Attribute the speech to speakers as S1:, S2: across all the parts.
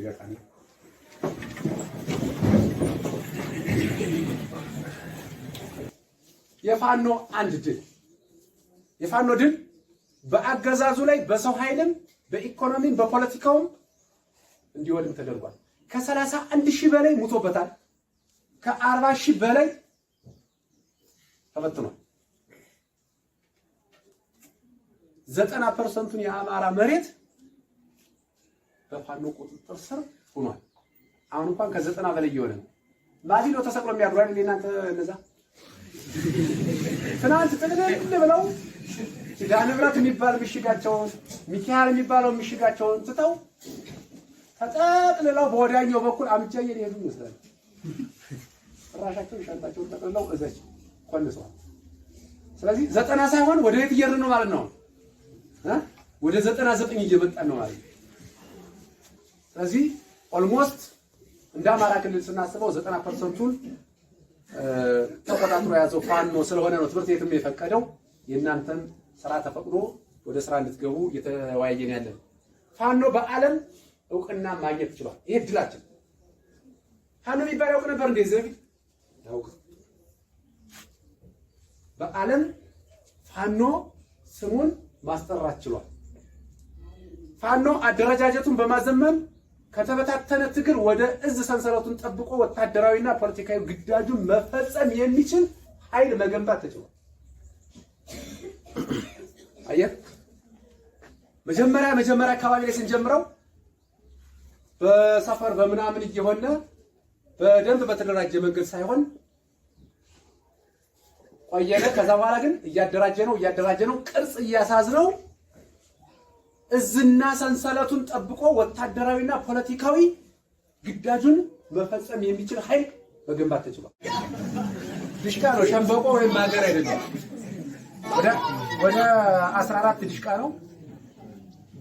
S1: ይበቃል። የፋኖ አንድ ድል የፋኖ ድል በአገዛዙ ላይ በሰው ኃይልም በኢኮኖሚም በፖለቲካውም እንዲወድም ተደርጓል። ከሰላሳ አንድ ሺህ በላይ ሙቶበታል። ከአርባ ሺህ በላይ ተበትኗል። ዘጠና ፐርሰንቱን የአማራ መሬት በፋኖ ቁጥጥር ስር ሆኗል። አሁን እንኳን ከዘጠና በላይ የሆነ ነው። ነው ተሰቅሎ የሚያድሩ አይደል እናንተ? እነዛ ትናንት ጥቅልል ብለው ኪዳነ ንብረት የሚባል ምሽጋቸውን ሚካኤል የሚባለው ምሽጋቸውን ትተው ተጠቅልለው በወዳኛው በኩል አምጃየን ይሄዱ ይመስላል። ራሻቸውን ሻንጣቸውን ጠቅልለው እዘች ቆልሰዋል። ስለዚህ ዘጠና ሳይሆን ወደ ቤት እየሄድን ነው ማለት ነው። ወደ ዘጠና ዘጠኝ እየመጣን ነው ማለት ነው። ስለዚህ ኦልሞስት እንደ አማራ ክልል ስናስበው ዘጠና ፐርሰንቱን ተቆጣጥሮ የያዘው ፋኖ ስለሆነ ነው ትምህርት ቤትም የፈቀደው የናንተን ስራ ተፈቅዶ ወደ ስራ እንድትገቡ እየተወያየን ያለን። ፋኖ በዓለም እውቅና ማግኘት ችሏል ይሄ እድላችን። ፋኖ የሚባል ያውቅ ነበር እንዴ? ዘቢ ያውቅ በዓለም ፋኖ ስሙን ማስጠራት ችሏል። ፋኖ አደረጃጀቱን በማዘመን ከተበታተነ ትግል ወደ እዝ ሰንሰለቱን ጠብቆ ወታደራዊና ፖለቲካዊ ግዳጁን መፈጸም የሚችል ኃይል መገንባት ተችሏል። አየህ መጀመሪያ መጀመሪያ አካባቢ ላይ ስንጀምረው በሰፈር በምናምን እየሆነ በደንብ በተደራጀ መንገድ ሳይሆን ቆየነ። ከዛ በኋላ ግን እያደራጀ ነው እያደራጀ ነው ቅርጽ ነው። እዝና ሰንሰለቱን ጠብቆ ወታደራዊና ፖለቲካዊ ግዳጁን መፈጸም የሚችል ኃይል መገንባት ተችሏል። ድሽቃ ነው፣ ሸንበቆ ወይም ሀገር አይደለም። ወደ 14 ድሽቃ ነው።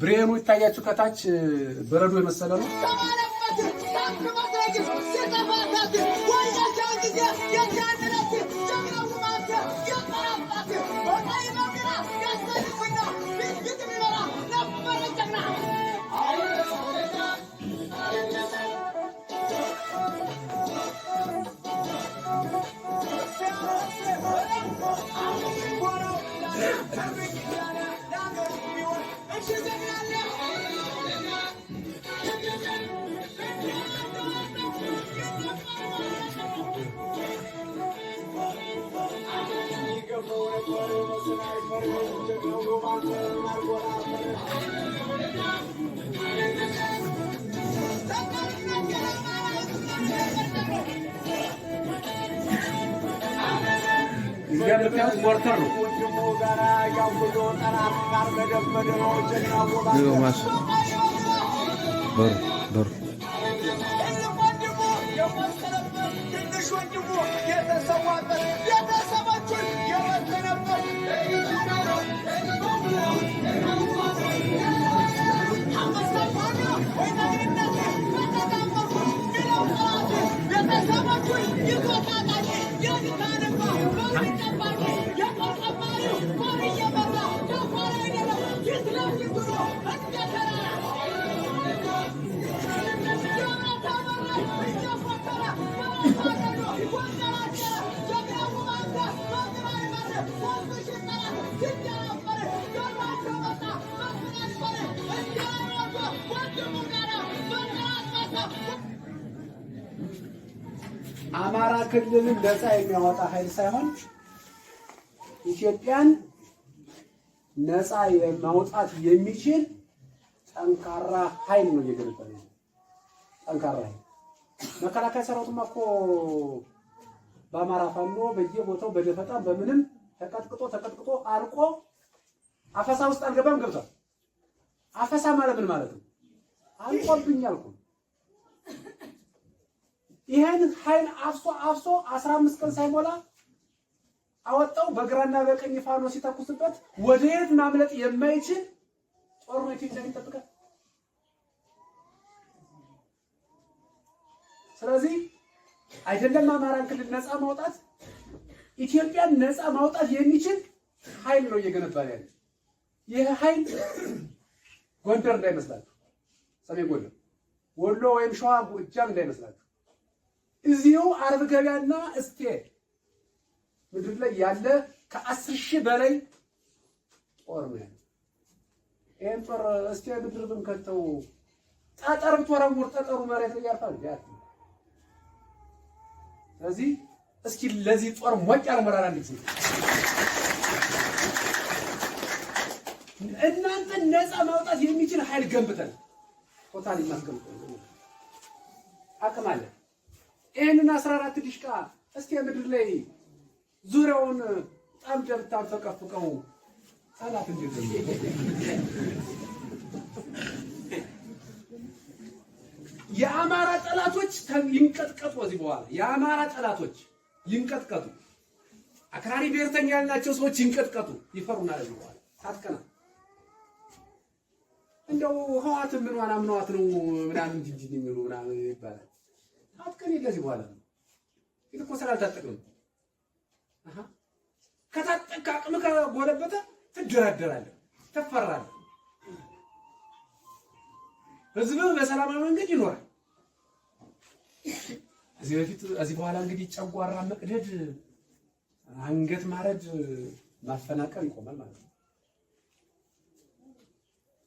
S1: ብሬኑ ይታያችሁ፣ ከታች በረዶ የመሰለ ነው። बरं बरं Uh -huh. አማራ ክልልን ነፃ የሚያወጣ ኃይል ሳይሆን ኢትዮጵያን ነፃ የማውጣት የሚችል ጠንካራ ኃይል ነው እየገነባ ጠንካራ ኃይል መከላከያ ሰራዊቱማ እኮ በአማራ ፋኖ በየቦታው በደፈጣ በምንም ተቀጥቅጦ ተቀጥቅጦ አልቆ አፈሳ ውስጥ አልገባም ገብቷል። አፈሳ ማለት ምን ማለት ነው? አልቆብኝ አልኩ ይህን ኃይል አፍሶ አፍሶ አስራ አምስት ቀን ሳይሞላ አወጣው። በግራና በቀኝ ፋኖ ሲተኩስበት ወደ የት ማምለጥ የማይችል ጦር ነው ለፊት ይጠብቃል። ስለዚህ አይደለም አማራን ክልል ነፃ ማውጣት ኢትዮጵያን ነፃ ማውጣት የሚችል ኃይል ነው እየገነባ ያለ። ይህ ኃይል ጎንደር እንዳይመስላችሁ፣ ሰሜን ጎንደር፣ ወሎ ወይም ሸዋ፣ ጎጃም እንዳይመስላችሁ እዚሁ አርብ ገበያና እስቴ ምድር ላይ ያለ ከአስር ሺህ በላይ ጦር ነው ያለው። ይህን ጦር እስቴ ምድር ብንከተው ጠጠር ብትወረውር ጠጠሩ መሬት ላይ ያርፋል። ስለዚህ እስኪ ለዚህ ጦር ሞቅ ያለ መራራ አንድ ጊዜ እናንተን ነፃ ማውጣት የሚችል ኃይል ገንብተን ቶታል ማስገንብተን አቅም አለን። ይህንን አስራ አራት ዲሽቃ እስቲ ምድር ላይ ዙሪያውን ጣም ጀብታን ፈቀፍቀው ጠላት እንዴት የአማራ ጠላቶች ይንቀጥቀጡ። እዚህ በኋላ የአማራ ጠላቶች ይንቀጥቀጡ። አክራሪ ብሔርተኛ ያልናቸው ሰዎች ይንቀጥቀጡ። ይፈሩናል። እዚህ በኋላ ታጥቀናል። እንደው ህዋትን ምንዋን አምነዋት ነው ምናምን ጅጅ የሚሉ ምናምን ይባላል። አጥቀን የለዚህ በኋላ ነው ግን እኮ ስላልታጠቅም ከታጠቅ አቅም ከጎለበተ ትደራደራለህ፣ ትፈራለህ። ህዝብህ በሰላማዊ መንገድ ይኖራል። እዚህ በፊት እዚህ በኋላ እንግዲህ ጨጓራ መቅደድ፣ አንገት ማረድ፣ ማፈናቀል ይቆማል ማለት ነው።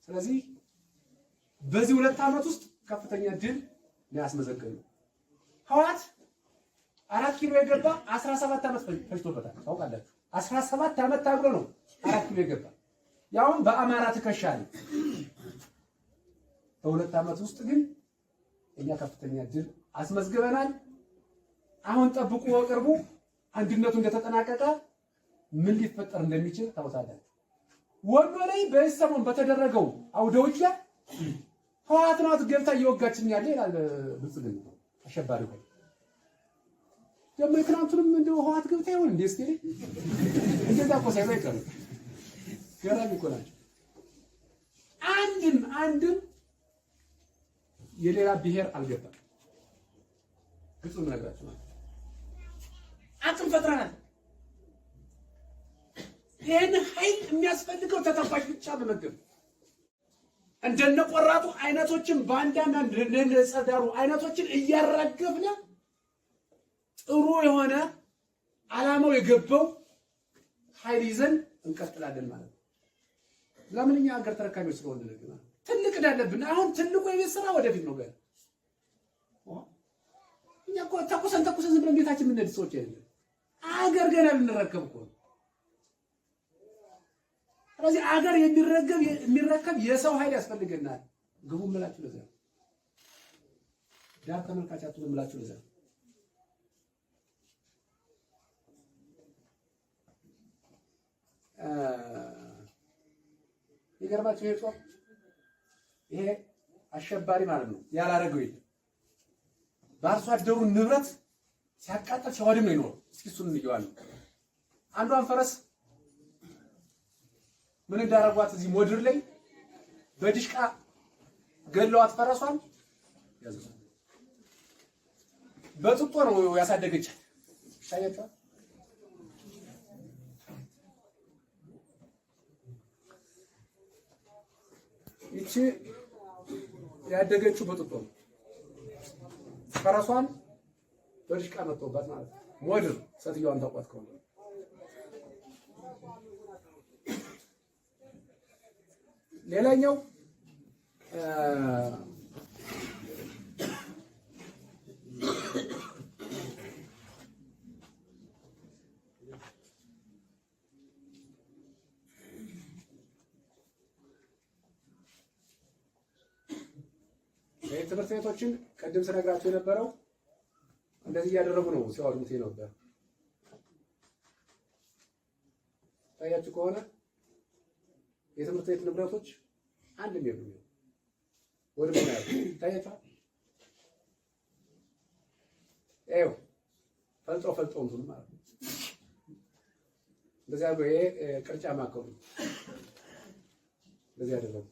S1: ስለዚህ በዚህ ሁለት ዓመት ውስጥ ከፍተኛ ድል ሊያስመዘገብ ነው። ህዋት አራት ኪሎ የገባ 17 ዓመት ፈጅቶበታል። ታውቃላችሁ፣ 17 ዓመት ታግሎ ነው አራት ኪሎ የገባ ያውም በአማራ ትከሻ ላይ። በሁለት ዓመት ውስጥ ግን እኛ ከፍተኛ ድል አስመዝግበናል። አሁን ጠብቁ፣ በቅርቡ አንድነቱ እንደተጠናቀቀ ምን ሊፈጠር እንደሚችል ታውቃላችሁ። ወሎ ላይ በዚህ ሰሞን በተደረገው አውደ ውጊያ ህዋት ናት ገብታ እየወጋችን ያለ ይላል ብልጽግና አሸባሪ ሆይ ደግሞ የክረምቱንም እንደ ህወሓት ገብታ ይሆን እንዴ? እስኪ እንደዛ እኮ ሳይሆን አይቀርም። ገራሚ እኮ ናቸው። አንድም አንድም የሌላ ብሔር አልገባም። ግጹ ነገራችሁ ማለት አቅም ፈጥረናል። ይህን ኃይል የሚያስፈልገው ተተኳሽ ብቻ በመገብ እንደነቆራጡ አይነቶችን በአንዳንድ እንደነጸዳሩ አይነቶችን እያራገፍን ጥሩ የሆነ ዓላማው የገባው ኃይል ይዘን እንቀጥላለን ማለት ነው። ለምን እኛ ሀገር ተረካቢዎች ስለሆነ ነው። ትልቅ እዳለብን። አሁን ትልቁ የቤት ስራ ወደፊት ነው። ገር እኛ ተኩሰን ተኩሰን ዝም ብለን ቤታችን የምንሄድ ሰዎች አይደለም። አገር ገና ልንረከብ እኮ ነው። ስለዚህ አገር የሚረገብ የሚረከብ የሰው ኃይል ያስፈልገናል። ግቡ ምላችሁ ለዛ ዳር ተመልካች አትሉ ምላችሁ ለዛ ይገርማችሁ ይሄ ጾም ይሄ አሸባሪ ማለት ነው። ያላረገው ይሄ በአርሶ አደሩ ንብረት ሲያቃጠል ሲያወድም ነው ይኖረው። እስኪ እሱን እንየዋለን። አንዷን ፈረስ ምን እንዳረጓት እዚህ ሞድር ላይ በድሽቃ ገለዋት። ፈረሷን በጥጦ ነው ያሳደገቻት። ታያችኋል። ይቺ ያደገችው በጥጦ ነው። ፈረሷን በድሽቃ መጥቶባት ማለት ነው። ሞድር ሰትዮዋን ታውቋት ከሆነ ሌላኛው ትምህርት ቤቶችን ቅድም ስነግራቸው የነበረው እንደዚህ እያደረጉ ነው ሲያወዱት ነበር። ታያችሁ ከሆነ የትምህርት ቤት ንብረቶች አንድም የሉም። ወደ ምን ያሉ ታያቸዋል። ይኸው ፈልጦ ፈልጦ እንትኑ ማለት ነው። ይሄ ቅርጫ ማከሉ እንደዚህ ያደረጉት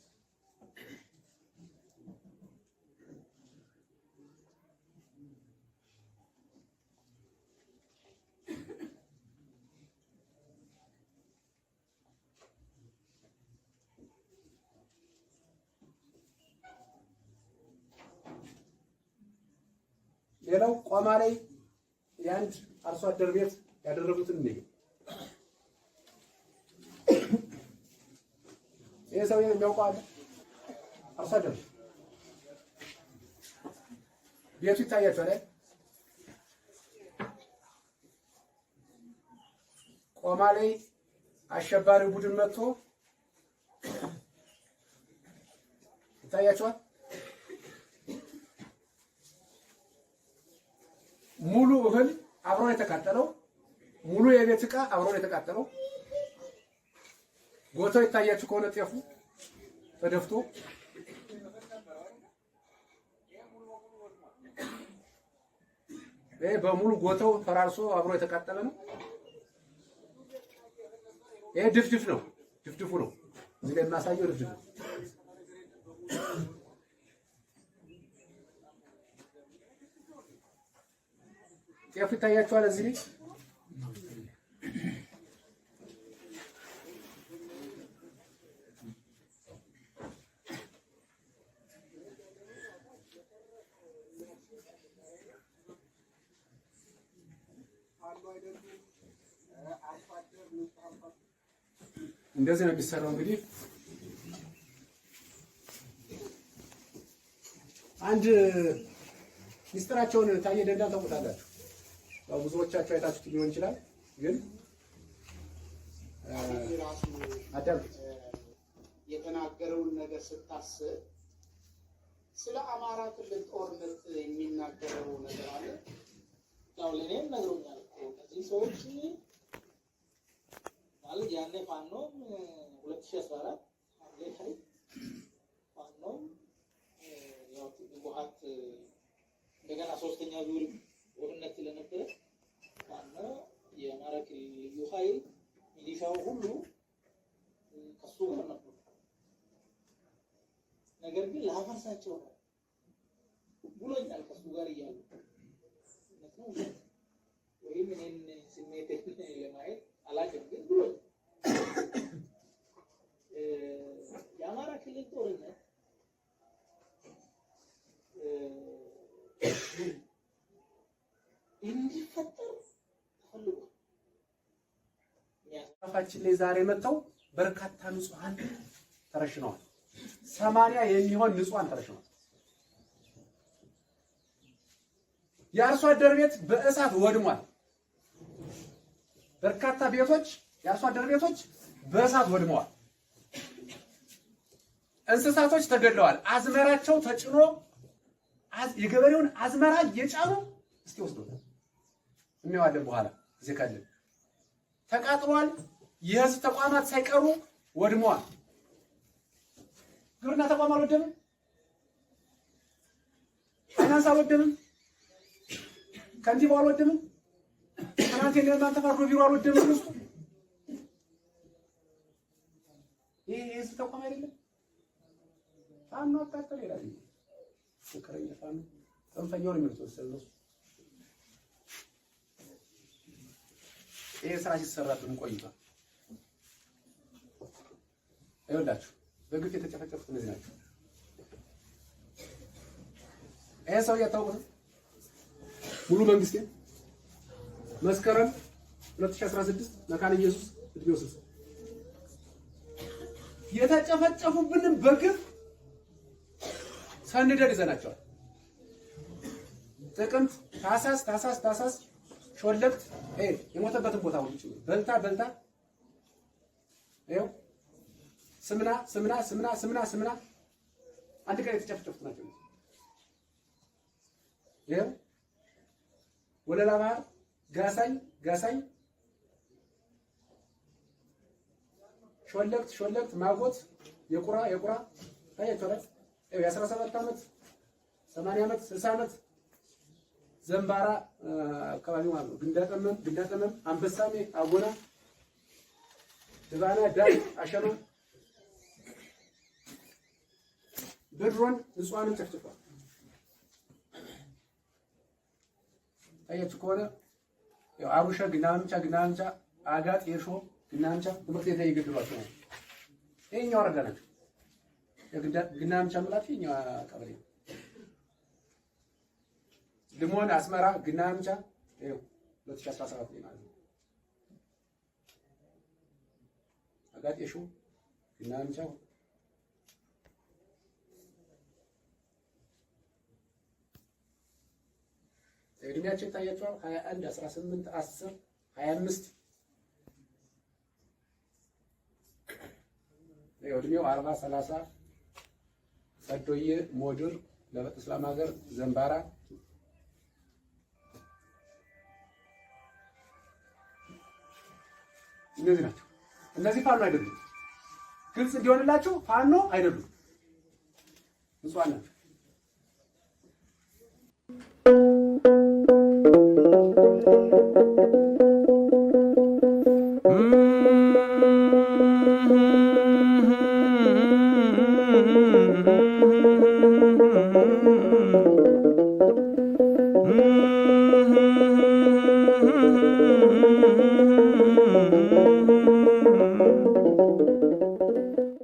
S1: ሌላው ቋማ ላይ የአንድ አርሶ አደር ቤት ያደረጉትን ነው። ይሄ ሰው የሚያውቀው አለ። አርሶ አደር ቤቱ ይታያቸዋል። ላይ ቆማ ላይ አሸባሪ ቡድን መጥቶ ይታያቸዋል። ሙሉ እህል አብሮ የተቃጠለው፣ ሙሉ የቤት ዕቃ አብሮ የተቃጠለው። ጎተው ይታያችሁ ከሆነ ጤፉ ተደፍቶ ይሄ በሙሉ ጎተው ፈራርሶ አብሮ የተቃጠለ ነው። ይሄ ድፍድፍ ነው። ድፍድፉ ነው እዚህ ላይ የማሳየው ድፍድፍ ነው። ጤፉ ይታያችኋል እዚህ እንደዚህ ነው የሚሰራው። እንግዲህ አንድ ሚስጥራቸውን ታየ ደንዳ ታውቁታላችሁ። ብዙዎቻችሁ አይታችሁት ሊሆን ይችላል፣ ግን አዳምጥ።
S2: የተናገረውን ነገር ስታስብ ስለ አማራ ክልል ጦርነት የሚናገረው ነገር አለ። ያው ለእኔም ነግሮኛል። እነዚህ ሰዎች ማለት ያኔ ፋኖም ሁለት ሺህ አስራ አራት ላይ ፋኖም ያው ህወሓት እንደገና ሶስተኛ ዙር ራሳቸው ነው ብሎኛል። ከሱ ጋር እያሉ ወይም እኔን ስሜት ለማየት አላውቅም፣ ግን ብሎኝ የአማራ ክልል ጦርነት እንዲፈጠር ተፈልጓል።
S1: ፋችን ላይ ዛሬ መጥተው በርካታ ንጹሐን ተረሽነዋል። ሰማንያ የሚሆን ንጹሃን ተረሽኗል። የአርሶ አደር ቤት በእሳት ወድሟል። በርካታ ቤቶች የአርሶ አደር ቤቶች በእሳት ወድመዋል። እንስሳቶች ተገድለዋል። አዝመራቸው ተጭኖ የገበሬውን አዝመራ እየጫኑ እስኪ ወስዶ እናየዋለን በኋላ ዜ ተቃጥሏል። የህዝብ ተቋማት ሳይቀሩ ወድመዋል። ግብርና ተቋም አልወደምም፣ ፋይናንስ አልወደምም፣ ከንቲባው አልወደምም፣ ትናንት የእናንተ ፋርዶ ቢሮ አልወደምም። ውስጡ ይህ የህዝብ ተቋም አይደለም። ፋኖ አቃጠል ይላል ፍቅረኛ ፋኖ ነው የሚሉት ወሰን ነው። ይህ ስራ ሲሰራብን ቆይቷል። ይኸውላችሁ በግፍ የተጨፈጨፉት እነዚህ ናቸው። ይህ ሰው እያታወቁት ሙሉ መንግስቴ መስከረም 2016 መካነ ኢየሱስ እድሜው ስልሳ በግፍ ሰንደድ ይዘናቸዋል። ጥቅምት፣ ታህሳስ ታህሳስ ታህሳስ ሾለክት የሞተበትን ቦታ ሁሉ በልታ በልታ ይኸው ስምና ስምና ስምና ስምና ስምና አንድ ቀን የተጨፈጨፉት ናቸው። ይኸው ወለላ ባህር ጋሳይ ጋሳይ ሾለክት ሾለክት ማጎት የቁራ የቁራ ታያቸው ላይ የአስራ ሰባት ዓመት ሰማንያ ዓመት ስልሳ ዓመት ዘንባራ አካባቢ ማለት ነው። ግንዳጠመም ግንዳጠመም አንበሳሜ አጎና ድባና ዳይ አሸኖ በድሮን እጽዋንን ጨፍጭፏል። አያችሁ ከሆነ አሩሸ ግናምቻ ግናምቻ አጋጥ የሾ ግናምቻ ትምህርት ቤት ላይ የገድሏቸው ነው። ይህኛው አረዳ ናቸው። ግናምጫ ምላቸው ይኛው ቀበሌ ልሞን አስመራ ግናምጫ ሁለት ሺህ ላይ ማለት ነው። አጋጥ የሾ ግናምጫ እድሜያቸው ታያቸዋል 21 18 10 25 እድሜው 40 30 ሰዶዬ ሞድር ለበጥ እስላም ሀገር ዘንባራ እነዚህ ናቸው። እነዚህ ፋኖ አይደሉም። ግልጽ እንዲሆንላችሁ ፋኖ አይደሉም፣ ንጹሃን ናቸው።